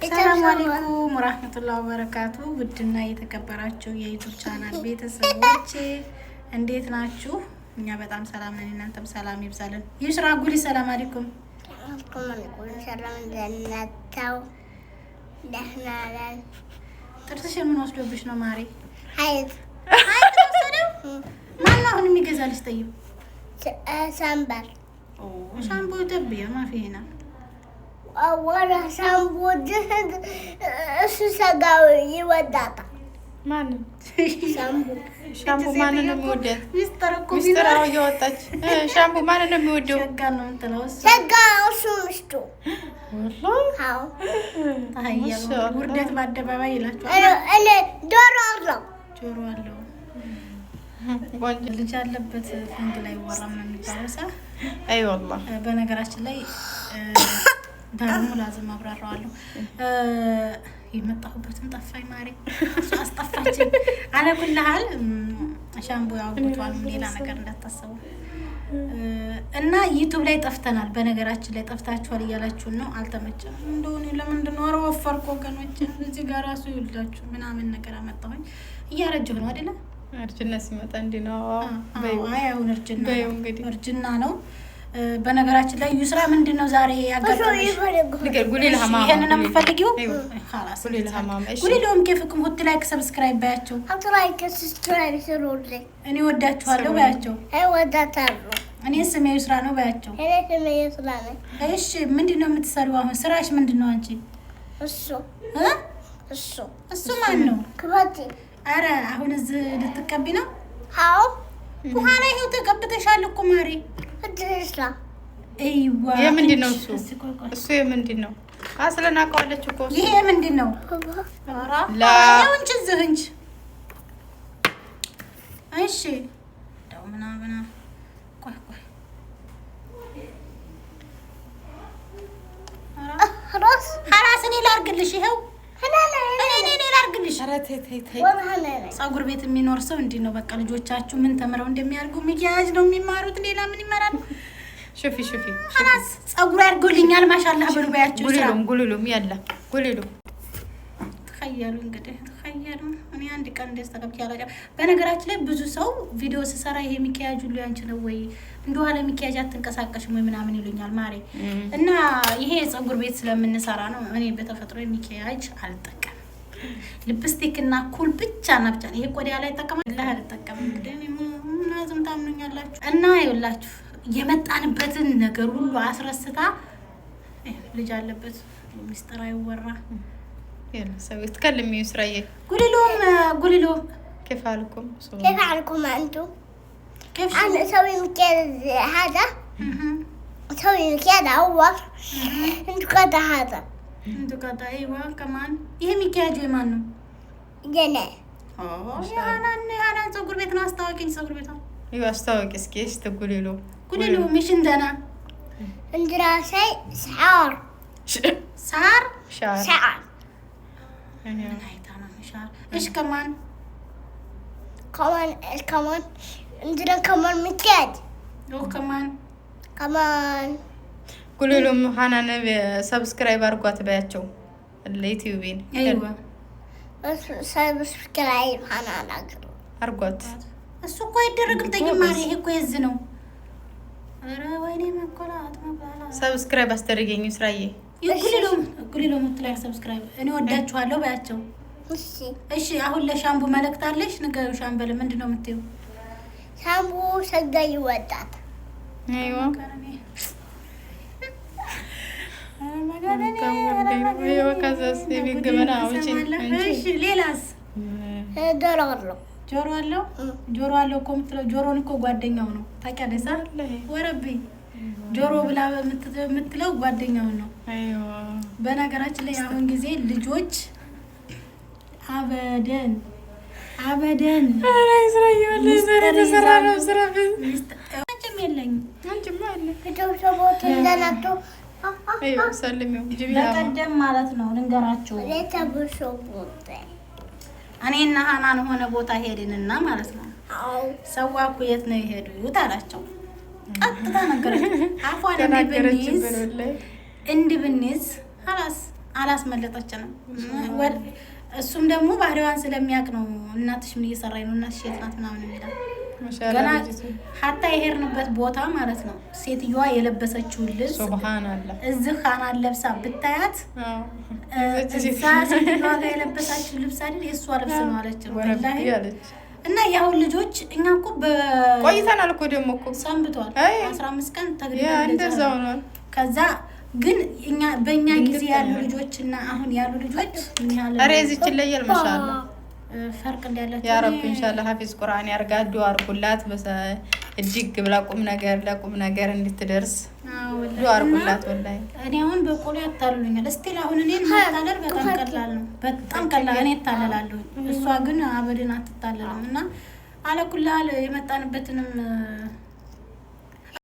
ሰላም አለይኩም ወራህመቱላሂ ወበረካቱ። ውድና የተከበራችሁ የዩቱብ ቻናል ቤተሰቦቼ እንዴት ናችሁ? እኛ በጣም ሰላም ነን፣ እናንተም ሰላም ይብዛልን። ይሽራ ጉሊ ሰላም አለይኩም ጥርስሽ የምን ወስዶብሽ ነው ማሬ? ሀይት ማን አሁን የሚገዛልሽ? ጠይብ ሻምበር ሻምቦ ደብያ ማፊ ሳምቦድ እሱ ሰጋው ይወዳታል። ማንን ሻምቡ ማንን ነው የሚወደው? ነው የሚወደው? ሸጋ እሱ ሚስቱ ውርደት በአደባባይ ይላቸዋል። ዶሮ አለው ጆሮ አለው ልጅ አለበት። ፈንግ ላይ ወራ ነው የሚባለው። በነገራችን ላይ ደግሞ ላዝም አብራራዋለሁ። የመጣሁበትም ጠፋኝ። ማሪ አስጠፋችን አለኩልሃል። ሻምቦ ያውቷል። ሌላ ነገር እንዳታሰቡ እና ዩቱብ ላይ ጠፍተናል። በነገራችን ላይ ጠፍታችኋል እያላችሁን ነው። አልተመቸንም እንደሆነ ለምንድን ነው? ኧረ ወፈርኩ ወገኖች፣ እዚህ ጋር ራሱ ይወልዳችሁ ምናምን ነገር አመጣሁኝ። እያረጀሁ ነው አይደለ? እርጅና ሲመጣ እንዲህ ነው። አይ አሁን እርጅና ነው። በነገራችን ላይ ዩስራ ምንድን ነው ዛሬ ያጋጠመሽ? ይሄንን የምፈልጊው ጉሌልም ኬፍክም ሁት ላይክ ሰብስክራይብ ባያቸው እኔ ወዳችኋለሁ ባያቸው እኔ ስሜ ዩስራ ነው ባያቸው። እሺ ምንድን ነው የምትሰሪው አሁን? ስራሽ ምንድን ነው አንቺ? እሱ እሱ ማን ነው? አረ አሁን እዚህ ልትቀቢ ነው? አዎ በኋላ ይኸው ተቀብተሻል እኮ ማሬ የምንድን ነው እሱ? እሱ የምንድን ነው? አስለናቀዋለች እኮ ይሄ ምንድን ነው? ዝህንች እሺ፣ እንደው ምናምን ቆይ ቆይ ራስ እኔ ላድርግልሽ፣ ይኸው እኔ ፀጉር ቤት የሚኖር ሰው እንዲህ ነው በቃ። ልጆቻችሁ ምን ተምረው እንደሚያደርጉ የሚያያዝ ነው የሚማሩት። ሌላ ምን ይመራል? ሹፊ ሹፊ ኸላስ ጸጉር አድርጎልኛል። ማሻአላህ ብሉ ባያችሁ ጉልሉም ጉልሉም ያላ ጉልሉ ተኸያሉ እንግዲህ ተኸያሉ። እኔ አንድ ቀን እንደዚህ ተቀብቼ አላውቅም። በነገራችን ላይ ብዙ ሰው ቪዲዮ ስሰራ ይሄ ሚኪያጅ ሁሉ ያንቺ ነው ወይ እንደኋላ ሚኪያጅ አትንቀሳቀሽም ወይ ምናምን ይሉኛል ማሬ። እና ይሄ የጸጉር ቤት ስለምንሰራ ነው። እኔ በተፈጥሮ ሚኪያጅ አልጠቀም። ልፕስቲክ እና ኩል ብቻ እና ይሄ ቆዳ ላይ ተቀማ ለህ አልጠቀምም እንግዲህ ዝም ታምኑኛላችሁ። እና ይኸውላችሁ የመጣንበትን ነገር ሁሉ አስረስታ ልጅ አለበት ሚስጥር አይወራ ሰው ይትከልም ስራዬ ጉሊሎም ጉሊሎም كيف حالكم؟ كيف حالكم انتم؟ كيف انا اسوي مكياج هذا اسوي مكياج اول انتو كذا هذا انتو كذا ايوه كمان ايه مكياج مانو جنيه የሀናን ፀጉር ቤት ነው አስታወቂኝ። ፀጉር ቤቷ ይኸው አስታወቂ እስኪ እስቲ ጉሊሉ ጉሊሉ ምሽንደና እንድራሳይ ሳር ሳር ሳር እሽ ከማን ከማን ከማን እንድራ ከማን ምትሄድ ከማን ከማን ጉሊሉም ሀናን ሰብስክራይብ አድርጓት በያቸው ለዩቲዩቤን አርጓት እሱ እኮ አይደረግልኝ ማሪ እኮ የዝ ነው። ኧረ ወይኔ መቆላት መቆላት። ሰብስክራይብ አስደርገኝ ስራዬ። እኩሊሎም እኩሊሎም ሰብስክራይብ። እኔ ወዳችኋለሁ ባያቸው። እሺ አሁን ለሻምቡ መልእክት አለሽ? ንገሪው። ሻምበል ምንድን ነው የምትይው? ሻምቡ ሰጋይ ወጣት አይዋ ጆሮ አለው ጆሮ አለው እኮ የምትለው ጆሮን እኮ ጓደኛው ነው ታውቂያለሽ። ወረብኝ ጆሮ ብላ የምትለው ጓደኛው ነው። በነገራችን ላይ አሁን ጊዜ ልጆች አበደን አበደን ስራ በቀደም ማለት ነው ልንገራችሁ፣ እኔና ሀናን ሆነ ቦታ ሄድንና ማለት ነው ሰው የት ነው የሄዱት አላቸው። ቀጥታ ነገረች። አፏን እንዲህ ብንይዝ አላስመለጠችንም። እሱም ደግሞ ባህሪዋን ስለሚያውቅ ነው እናትሽ ምን እየሰራኝ ነው፣ እናትሽ የት ናት ምናምን የሚለው ገና ሀታ የሄድንበት ቦታ ማለት ነው። ሴትዮዋ የለበሰችውን ልብስ እዚህ ሀናን ለብሳ ብታያት እዛ ሴትዮዋ ጋር የለበሳችሁ ልብስ አይደል የእሷ ልብስ ነው አለች እና የአሁን ልጆች እኛ እኮ ቆይተናል እኮ ደግሞ እኮ ሰንብቷል። አስራ አምስት ቀን ተግዛ ሆኗል። ከዛ ግን እኛ በእኛ ጊዜ ያሉ ልጆች እና አሁን ያሉ ልጆች ምን ያህል ሬዝችን ለየል መሻለ ፈርቅ እንዳላቸው ያረብ እንሻላ ሀፊዝ ቁርአን ያርጋ። ዱዓ አርጉላት። እጅግ ብላ ቁም ነገር ለቁም ነገር እንድትደርስ ዱዓ አርጉላት። ወላሂ እኔ አሁን በቆሎ ያታልሉኛል። እስቲል አሁን እኔን ማታለል በጣም ቀላል ነው። በጣም ቀላል እኔ እታለላለሁ። እሷ ግን አበድን አትታለልም እና አለኩላል የመጣንበትንም